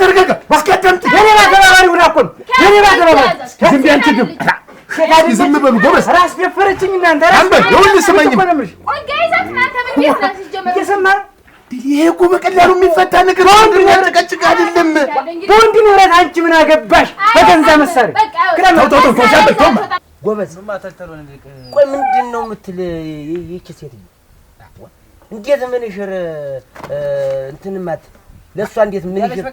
ተረጋጋ። አስቀደምት የኔ ባገባባሪ ሁና እኮ ነው የኔ ባገባባሪ። ዝም በይ አንቺ ግን ዝም በሉ ጎበዝ። ራስ ደፈረችኝ እናንተ ይሄ እኮ በቀላሉ የሚፈታ ነገር ጭቅጭቅ አይደለም። በወንድ ንብረት አንቺ ምን አገባሽ? በገንዛ መሳሪያ ጎበዝ። ቆይ ምንድን ነው የምትል ይህቺ ሴትዮ? እንዴት ምን ይሽር እንትን ማት ለእሷ እንዴት ምን ይሽር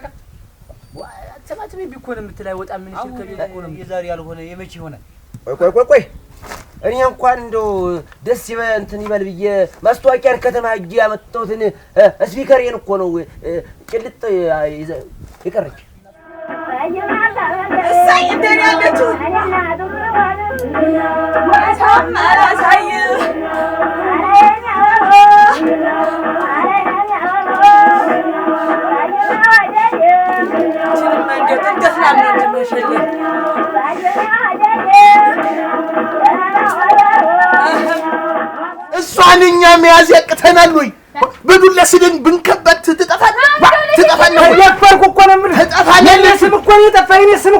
አትሰማትም ቢኮን የምትላይ ወጣ ምን ሲል የዛሬ ያልሆነ የመቼ ይሆናል? ቆይ ቆይ ቆይ ቆይ እኔ እንኳን እንደው ደስ ይበ እንትን ይበል ብዬ ማስታወቂያን ከተማ ሂጅ ያመጣሁትን ስፒከሬን እኮ ነው ጭልጥ የቀረች እንደኔ ያለችው አሁን እኛ መያዝ ያቅተናል ወይ? በዱላ ስደን ብንከባት ትጠፋለህ ትጠፋለህ። ያፈርኩ የጠፋ የእኔ ስም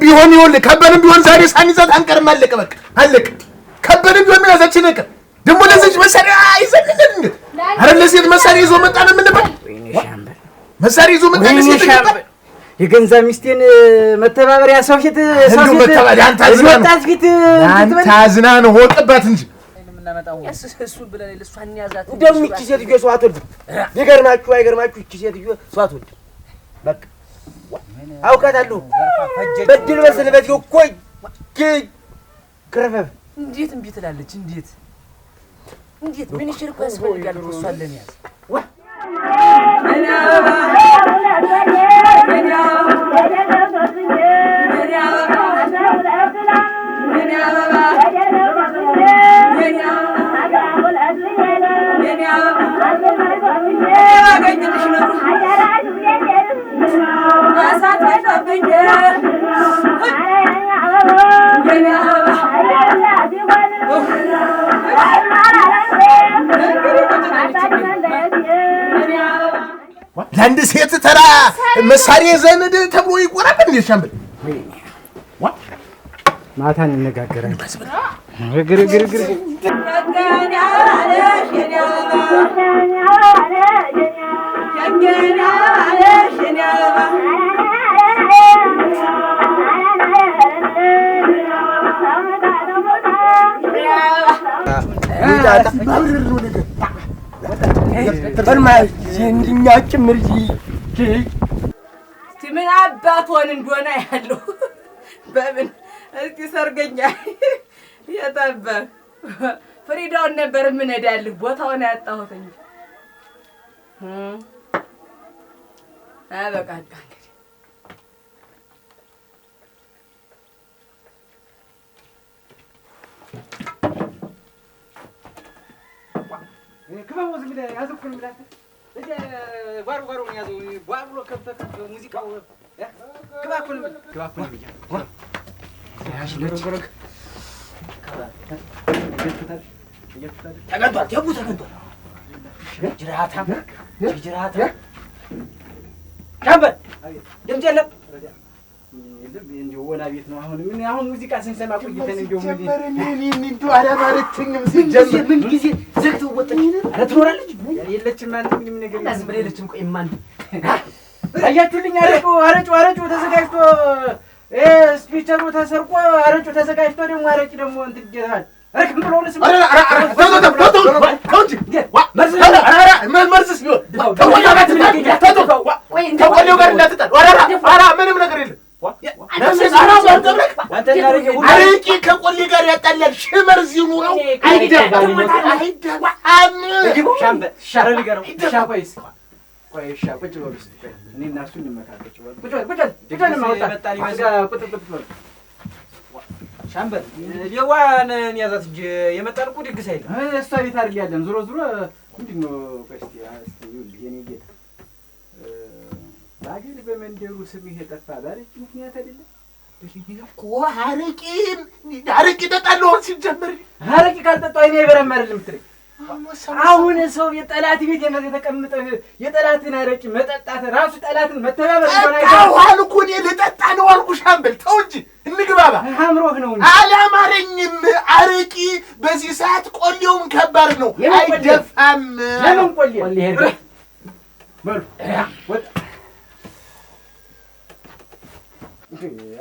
ቢሆን ይኸውልህ ከበድም ቢሆን ዛሬ ሳንይዛት አንቀርም። አለቀ በቃ አለቀ። ከበድም ቢሆን መያዛችን አይቀርም ደግሞ ለዚች መሳሪያ አይዘልልን አረ ለሴት መሳሪያ ይዞ መጣ ነው የምንባል? መሳሪያ ይዞ መጣ ነው ሴት ሚስቴን መተባበሪያ ሰው ፊት ሰው ፊት መተባበሪያ ነው ወጥባት እንጂ እንደውም ይቺ ሴትዮ ሰው አትወልድም። ይገርማችሁ አይገርማችሁ፣ ይቺ ሴትዮ ሰው አትወልድም። በቃ አውቃታለሁ። በድል በስልበት እኮ ግረፈብ እንዴት እምቢ ትላለች እንዴት እንዴት ምን ሽርክ ያስፈልጋል? እሷለን ያዝ ምን መሳሪያ ዘንድ ተብሎ ይቆራል። እንደ ሻምብል ማታ እንነጋገራለን። ግርግርግርግር ነገር ምን አባቶን እንደሆነ ያለው በምን እስኪ ሰርገኛ የጠበ ፍሪዳውን ነበር የምነዳልህ ቦታውን ያጣሁት እንጂ እንግዲህ ባሩ ባሩ ነው ያዘው ባብሎ ከብተ ከብተ ሙዚቃው ክባኩል ክባኩል ይያ ያሽለች ተገንቷል። ደቡ ተገንቷል። ጅራታም ጅራታም ሻምበል ድምፅ የለም እንደው ወላ ቤት ነው። አሁን ምን አሁን ሙዚቃ ስንሰማ ቆይተን እንደው ምን ጀመረ ምን ምን እንደው አላማረችኝም ሲጀምር ምን ጊዜ ዘግ ትወጣኝ ትኖራለች። የለችም አንተ ምንም ነገር ዝም ብለህ የለችም። ቆይ ማን አያችሁልኝ? አረጩ አረጩ አረጩ ተዘጋጅቶ ስፒቸሩ ተሰርቆ አረጩ ተዘጋጅቶ ደግሞ አረጭ ደግሞ እንትን ይጀታል። እርክም ብሎ ልስ መርዝስ ምንም ነገር የለም አረቄ ከቆሌ ጋር ያጣላል። ሽመርዝ ይኑረው ሻምበል ያዛት እንጂ የመጣን ድግስ አይደለም። እሷ ቤት አይደል ያለን። ዞሮ ዞሮ ምንድን ነው? በአገር በመንደሩ ስም ይሄ የጠፋ ባረቂ ምክንያት አይደለም። እኮ አረቂ አረቂ እጠጣለሁ። ሲጀምር አረቂ ካልጠጣሁ አይኔ ይበረመርልም አይደለም አሁን ሰው የጠላት ቤት የተቀምጠህ የጠላትን አረቂ መጠጣት ራሱ ጠላትን መተባበር ሆናል እኮ። እኔ ልጠጣ ነው አልኩ። አምበል ተው እንጂ እንግባባ። አምሮህ ነው አላማረኝም። አረቂ በዚህ ሰዓት ቆሌውም ከባድ ነው፣ አይደፋም። ለምን ቆሌ ቆሌ ሄድ በሉ ወጣ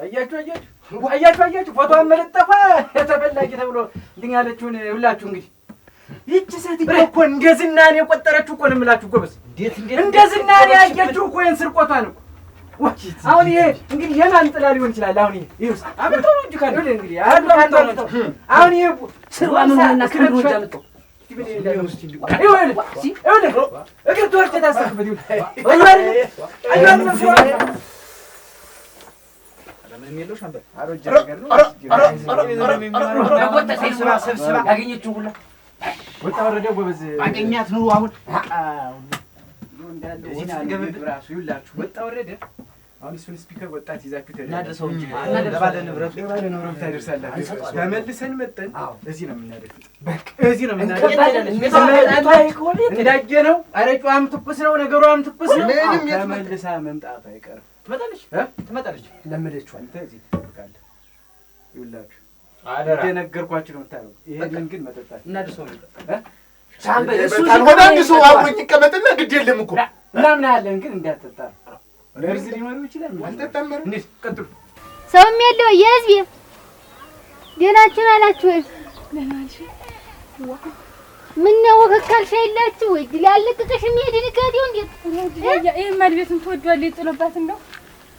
አያችሁ አያችሁ አያችሁ አያችሁ ፎቶ መለጠፋ የተፈላጊ ተብሎ እንትን ያለችውን ሁላችሁ እንግዲህ ይቺ ሴትዮ እኮ እንደ ዝናኔ የቆጠረችው እኮ ነው የምላችሁ ጎበዝ። እንደ ዝናኔ ያየችው እኮ ይሄን ስርቆቷን እኮ አሁን ይሄ እንግዲህ የማን ጥላ ሊሆን ይችላል? አሁን ይሄ ይኸው አመጣሁ ነው እንጂ ካለ እንግዲህ አሁን ይሄ ስርዋ ምን ሆነና ከምን ወጃ መጣሁ እግር ተወርቼ ታሰርኩበት ይኸውልህ አሁን እሱን ስፒከር ወጣት ይዛችሁ ለባለ ንብረቱ ለባለ ንብረቱ ታደርሳላችሁ። ተመልሰን መጠን እዚህ ነው የምናደርግ፣ በቃ እዚህ ነው የምናደርግ። እንዳየ ነው። ኧረ ትኩስ ነው ነገሩ፣ ትኩስ ነው። ተመልሳ መምጣቱ አይቀርም። ትመጣለች ትመጣለች። ለምደችዋል። አንተ እዚህ ትጠብቃለህ። ይኸውላችሁ እንደነገርኳችሁ ነው የምታደርገው። ይሄንን ግን መጠጣት እናድርሰው። ሆነ አብሮኝ ይቀመጥና ግድ የለም እኮ እናምናለን፣ ግን እንዳትጠጣ ለርዝ ሊኖረው ይችላል። አልጠጣም። እንዴት ቀጥሉ። ሰውም የለው የህዝብ ደህናችሁን አላችሁ ወይ? ምን ነው ወከካልሽ የላችሁ ወይ? ላለቅቅሽ የሚሄድ ንጋዴው እንዴት ይህም አድቤቱን ትወዷል። የጥሎባት እንደው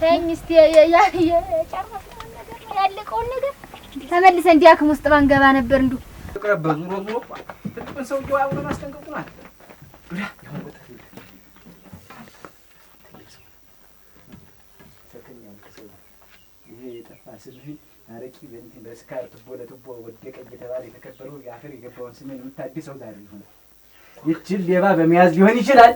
ተይኝ እስኪ የጨረስነውን ነገር ነው ያለቀውን ነገር ተመልሰን እንዲያክም ውስጥ ባንገባ ነበር። እንዱ ቅረብ ዞሮ ዞሮ ትልቁን ሰውዬው አብሮ ማስጠንቀቁ ማለት ነው። ይሄ በስካር ቱቦ ለቱቦ ወደቀ እየተባለ የተከበረው የአፈር የገባውን ስምህን የምታድሰው ዛሬ ይሆናል። ይችል ሌባ በመያዝ ሊሆን ይችላል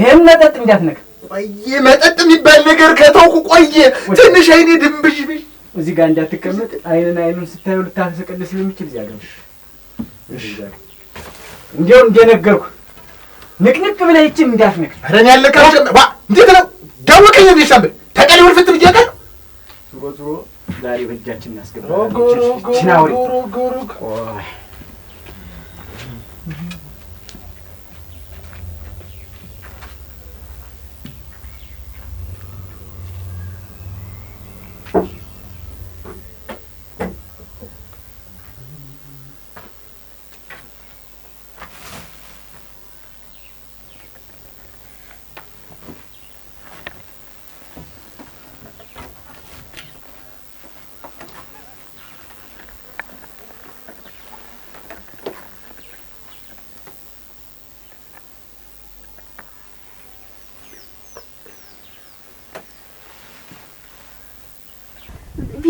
ይሄን መጠጥ እንዳትነካ። ቆየ መጠጥ የሚባል ነገር ከተውኩ ቆየ። ትንሽ አይኔ ድንብሽብሽ እዚህ ጋር እንዳትቀመጥ፣ አይንን አይኑን ስታዩ ልታሰቀል ስለሚችል እዚያ ገብሽ። እንዲያው እንደነገርኩ ንቅንቅ ብለህ ይችም እንዳትነካ። ረን እኔ እንዴት ነው ደውቀኝ ሚሻብል ተቀሪ ወልፍት ብዬ ቃል ዞሮ ዛሬ በእጃችን እናስገባለን።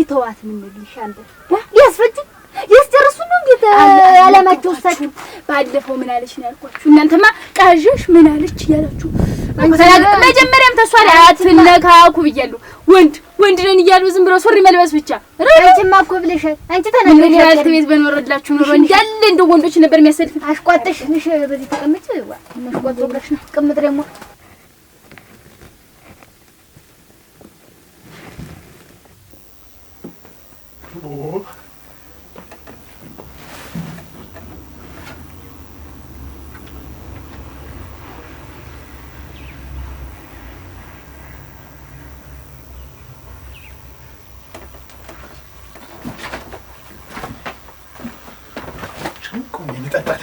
ይተዋት ምን ይሻል? ሊያስፈጅ ሊያስጨርሱ ነው። እንዴት አላማቸው እሳችሁ ባለፈው ምን አለሽ ነው ያልኳችሁ። እናንተማ ቀዥሽ ምን አለች እያላችሁ መጀመሪያም ተሷል ላይ አትነካኩ ብያለሁ። ወንድ ወንድ ነን እያሉ ዝም ብሎ ሱሪ መልበስ ብቻ ረጅማ እኮ ብለሻል አንቺ ተናግረሽ ያልት ቤት በኖረላችሁ ኑሮ እንዳለ እንደ ወንዶች ነበር የሚያሰልፍ አሽቋጥሽ ንሽ በዚህ ተቀምጭ ዋ ነሽቋጥ ብለሽ ነው ቅምጥ ደግሞ ልጠጣት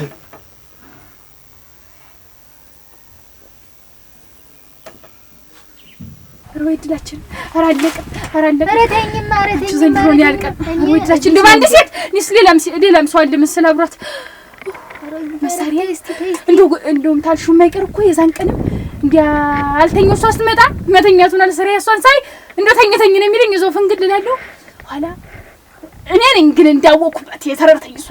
ወይ ድላችን ኧረ አለቀ ኧረ አለቀ ዘንድሮ ያልቀን ወይ ድላችን እንደው አንድ ሴት እኔስ ሌላም ሌላም ሰው አለ መሰል አብሯት መሳሪያ እንደው እንደውም ታልሹ የማይቀር እኮ የዛን ቀንም እንዲያ አልተኛው እሷ ስትመጣ መተኛቱን አልሰራ እሷን ሳይ እንደው ተኝተኝ ነው የሚለኝ እዛው ፍንግል እላለሁ ኋላ እኔ ነኝ ግን እንዳወኩበት የተረርተኝ እሷ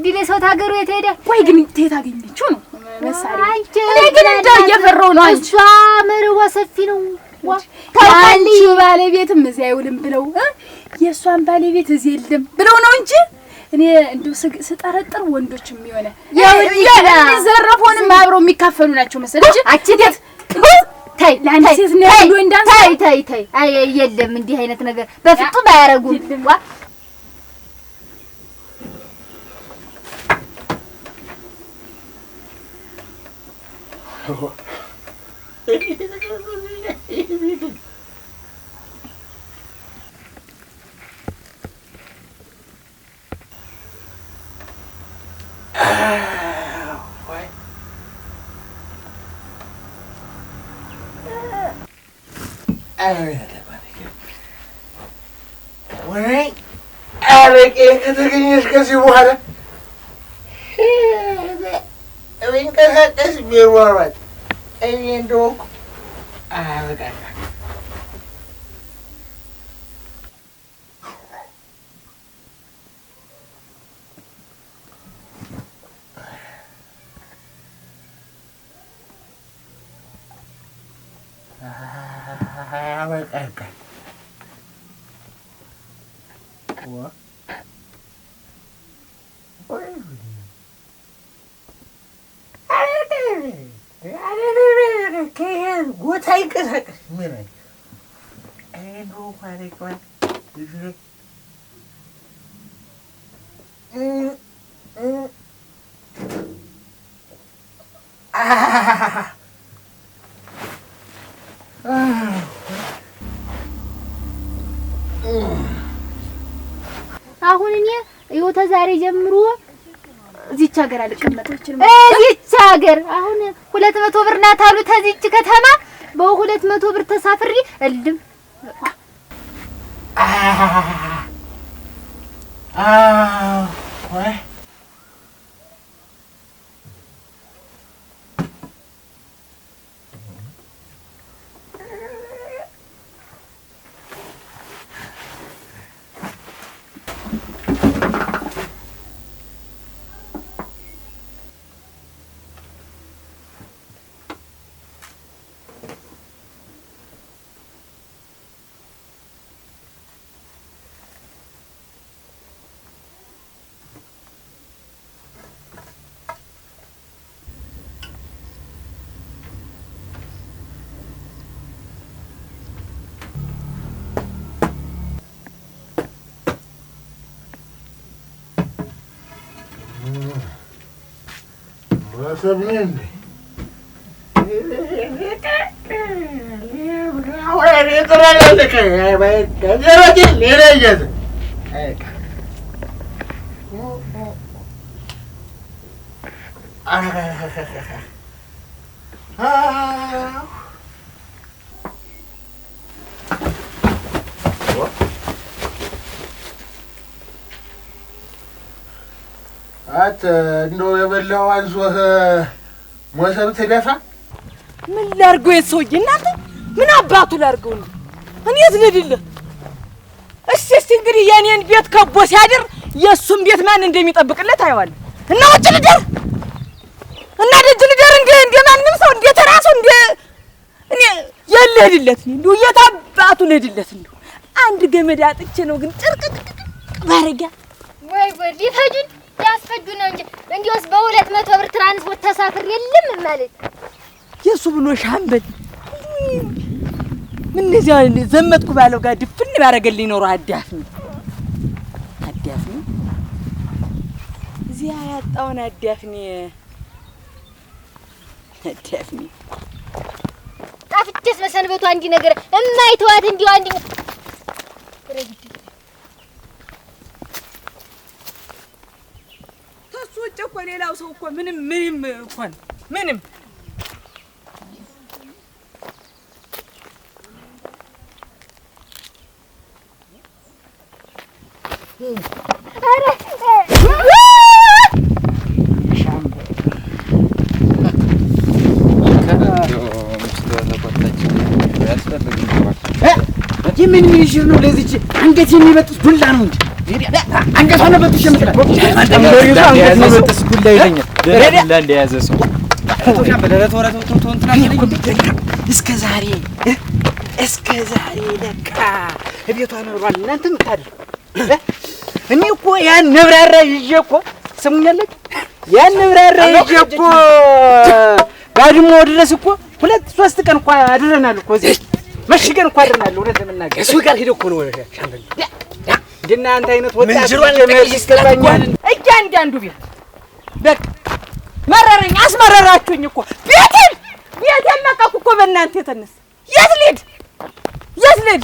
እድል የሰውት ሀገሩ የት ሄደ? ቆይ ግን የት አገኘችው ነው መሳሪያ? እኔ ግን እንደው እየፈራሁ ነው። እሷ መረቧ ሰፊ ነው። አንቺ ባለቤትም እዚህ አይውልም ብለው የእሷን ባለቤት እዚህ የለም ብለው ነው እንጂ እኔ እንደው ስጠረጥር ወንዶች የሚሆነ የሚዘረፈውንም አብረው የሚካፈሉ ናቸው መሰለኝ እንጂ ተይ ተይ ተይ ተይ፣ የለም እንዲህ አይነት ነገር በፍጹም አያረጉም። Alright. Alligator ganhar se I ok ağrıdan. Ağrıdan. ተንቀሳቀስ ምን አሁን እኔ ይኸው ተዛሬ ጀምሮ እዚች ሀገር አልቀመጥም። እዚች ሀገር አሁን ሁለት መቶ ብር ናት አሉ ተዚች ከተማ በሁለት መቶ ብር ተሳፍሪ እልም አዎ አሰብነን ሊብራ ወይ ሊጥራለልከ ይባይ ከዘረጅ ሊለየዘ አት እንደው የበላው አንሶህ ሞሰብ ትደፋ። ምን ላድርገው? የት እናንተ ምን አባቱ ላድርገው? እኔ የት እስቲ እስቲ እንግዲህ የእኔን ቤት ከቦ ሲያድር የእሱን ቤት ማን እንደሚጠብቅለት አየዋለሁ። እና ውጭ ልደር እና ደጅ ልደር እንደ እንደ ማንም ሰው እንደ ተራሱ እንደ እኔ የት ልሂድለት? እንደው የት አባቱ ልሂድለት? እንደው አንድ ገመድ አጥቼ ነው ግን ጭርቅ ባረጊያ ወይ ወይ ሊፈጁን ያስፈጁ ነው እንጂ እንዲያውስ በሁለት መቶ ብር ትራንስፖርት ተሳፍር የለም ማለት የእሱ ብሎ ሻምበል ምን እዚያ ዘመጥኩ ባለው ጋር ድፍን ባደረገልኝ ኖሮ አዳፍኝ አዳፍኝ እዚያ ያጣውን አዳፍኝ አዳፍኝ ጣፍቼስ መሰንበቷ እንዲህ ነገር እማይተዋት እንዲሁ አንድ ሌላው ሰው እኮ ምንም ምንም እኮ ነው ምንም ኧረ የምን ሚሽር ነው? ለዚች አንገት የሚበጥስ ዱላ ነው እንጂ አንገቷ በጥሽ የምትላት ዱላ ይለኛል። ዱላ ሰው እስከ ዛሬ እስከ ዛሬ ለካ ቤቷ ኖሯል። እናንተ የምታደርጉ እኔ እኮ ያን ነብራራ ይዤ እኮ ስሙኛለች። ያን ነብራራ ይዤ እኮ ባድሞ ድረስ እኮ ሁለት ሶስት ቀን እኮ አድረናል እኮ እዚህ መሽገን እኮ አድርናለሁ። እውነት ለመናገር እሱ ጋር ሄደው እኮ ነው ሻምበል እንደና አንተ አይነት ወጣት እያንዳንዱ ቤት በቃ መረረኝ፣ አስመረራችሁኝ እኮ ቤቴን ቤቴን ለቀኩ እኮ በእናንተ የተነሳ የት ልሂድ የት ልሂድ?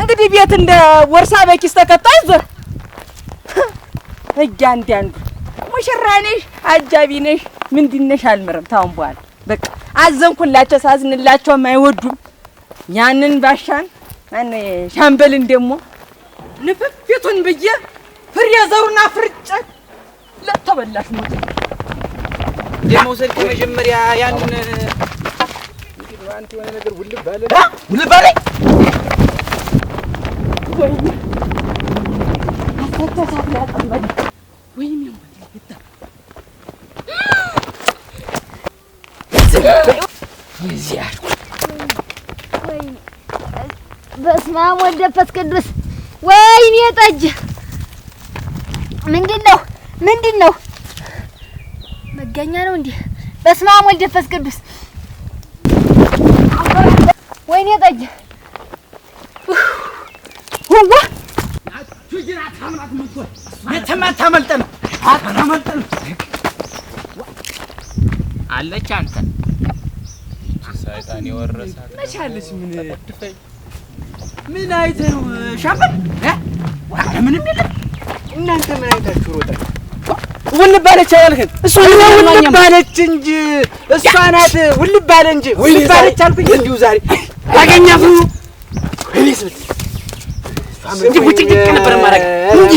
እንግዲህ ቤት እንደ ወርሳ በኪስ ተከታይ ዞር እያንዳንዱ ሙሽራ ነሽ፣ አጃቢ ነሽ፣ ምንድን ነሽ አልምርም። ታውን በኋላ በቃ አዘንኩላቸው፣ ሳዝንላቸው አይወዱም ያንን ባሻን ሻምበልን ደግሞ ንፍፍ ቤቱን ብዬ ፍሬ ዘሩና ፍርጨ ለተበላሽ ሞት የመውሰድ ከመጀመሪያ ያንን አንቲ የሆነ ነገር ውልብ ባለ ውልብ ባለ ወይኔ በስመ አብ ወልድ መንፈስ ቅዱስ። ወይኔ ጠጅ ምንድን ነው? ምንድን ነው? መገኛ ነው እንዴ? በስመ አብ ወልድ መንፈስ ቅዱስ። ወይኔ ጠጅ አታመልጠንም አለች አንተ ሰይጣን የወረሳት መቻለች። ምን ምን አይተህ ነው ሻምበል? ዋለ ምንም የለም። እናንተ ምን አይታችሁ ሮጠን ውልባለች አለች አላልክም? እሷ ውልብ እንጂ እሷ ናት። ውልብ እንጂ ውልብ አልኩኝ። እንዲሁ ዛሬ ታገኛት ነው እኔስ እንጂ ውጭቅጭቅ ነበር ማድረግ እንጂ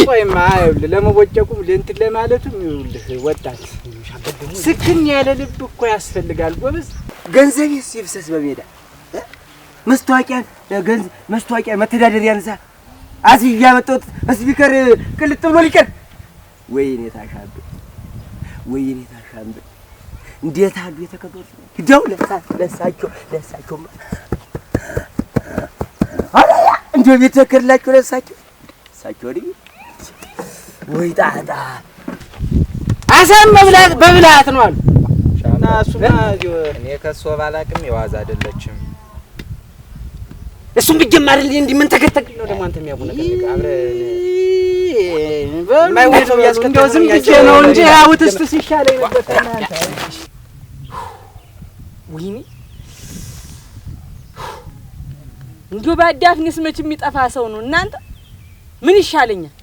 ለመቦጨቁም ለእንትን ለማለቱም ይኸውልህ፣ ወጣት ስክን ያለ ልብ እኮ ያስፈልጋል ጎበዝ። ገንዘቤስ ይፍሰስ በሜዳ መስታወቂያን ገንዘብ መስታወቂያን መተዳደሪያ ንሳ አዚ እያመጣሁት ስፒከር ቅልጥ ብሎ ሊቀር ወይኔ ታሻምብል ወይኔ ታሻብ፣ እንዴት አሉ የተከበሩ ሂደው ለሳቸው ለሳቸው ለሳቸው እንደ ቤት ተከድላችሁ ለሳቸው ሳቸው ወዲ ወይ ጣጣ አሰም መብላት በብላት ነው አሉ እና እሱማ እኔ ከሶ ባላቅም የዋዛ አይደለችም። እሱም ብጀማ አይደል እንዲህ ምን ተከተክል ነው ደግሞ አንተ የሚያውቁ ነገር እንደው ዝም ብዬ ነው እንጂ አውጥስቱ ሲሻለኝ ነበር። ወይኔ እንዲሁ በአዳፍኔስ መች የሚጠፋ ሰው ነው እናንተ ምን ይሻለኛል?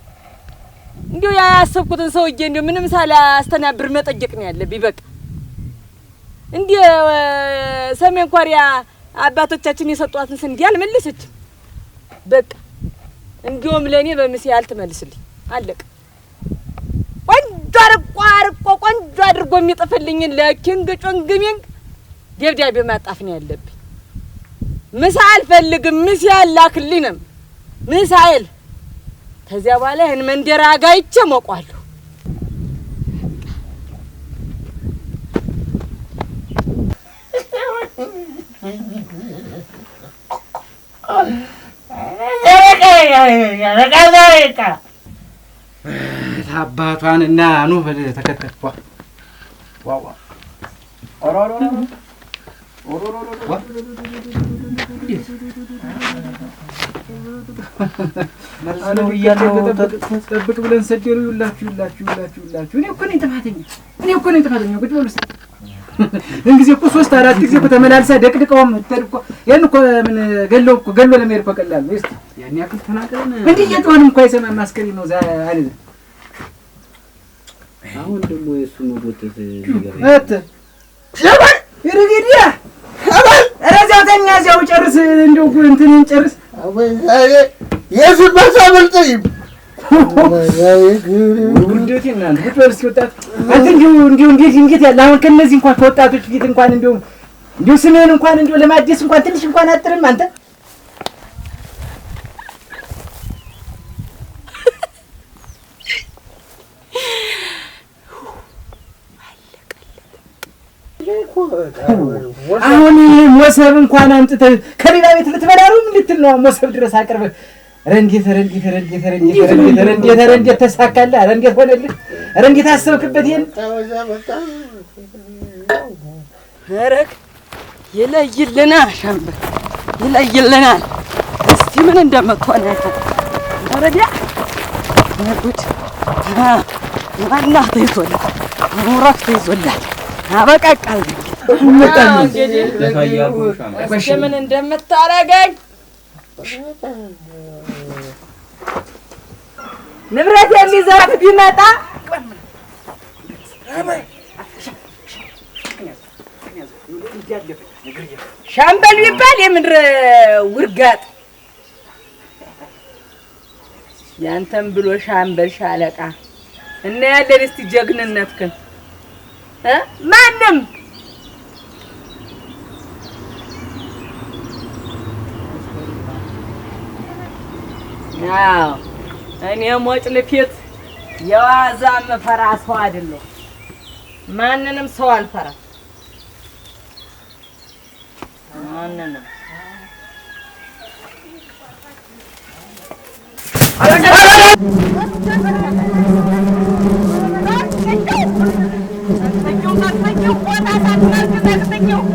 እንዲሁ ያያሰብኩትን ሰውዬ እንዲሁ ምንም ሳላስተናብር መጠየቅ ነው ያለብኝ። በቃ እንዲ ሰሜን ኮሪያ አባቶቻችን የሰጧትን ስንዴ አልመለሰችም። በቃ እንዲሁም ለእኔ በምሴ አልትመልስልኝ አለቀ። ቆንጆ አርቆ አርቆ ቆንጆ አድርጎ የሚጥፍልኝን ለኪንግ ጮንግሚንግ ደብዳቤ ማጣፍ ነው ያለብኝ። ምሳ አልፈልግም። ምስ ያላክልንም ምስ አይል ከዚያ በኋላ ይህን መንደር አጋይቼ ሞቋለሁ። አባቷን እና ኑ ተከተልኳ እንዴት ጠብቅ ብለን ሰደሩ። ይውላችሁ ይውላችሁ ይውላችሁ ይውላችሁ። እኔ እኮ ነኝ ጥፋተኛ፣ እኔ እኮ ነኝ ጥፋተኛ። ቁጭ በሉ እስኪ። እኮ ሶስት አራት ጊዜ እኮ ተመላልሳ ደቅድቀውም እምትሄድ እኮ ያን እኮ ምን ገለው እኮ ገሎ ለመሄድ እኮ ቀላል ነው። እስኪ ያን ያክል ተናገረን እንዴ! የጮኸንም እኮ አይሰማም። ማስከሪ ነው ዛ አይደል? አሁን ደግሞ የእሱ መጎተት ይገርማል። ተኛ እዚያው ጨርስ። እንደው እንትን ጨርስ። እንዴት ያለ አሁን ከወጣቶች ፊት እንኳን እንኳን ትንሽ እንኳን አጥርም አንተ አሁን ሞሰብ እንኳን አምጥተህ ከሌላ ቤት ልትበላ ነው ልትል ነው። ሞሰብ ድረስ አቅርበህ ኧረ እንዴት ኧረ እንዴት ኧረ እንዴት ኧረ እንዴት ሆነልህ? ኧረ አሰብክበት? ይሄን ኧረግ ይለይልናል፣ ሻምበል ይለይልናል። እስቲ ምን እንደምትሆን ወረዲያ ጉድ ዋና ተይዞላል፣ አሞራክ ተይዞላል አበቃቃል ምን እንደምታረገኝ ንብረት የሚዘርፍ ቢመጣ ሻምበል ቢባል የምድር ውርጋጥ ያንተም ብሎ ሻምበል ሻለቃ እና ያለን እስቲ ጀግንነት ማንም እኔ ሞጭ ልፊት የዋዛ ፈራ ሰው አይደለሁ። ማንንም ሰው አልፈራ ማንንም 就我打算，现在就等你。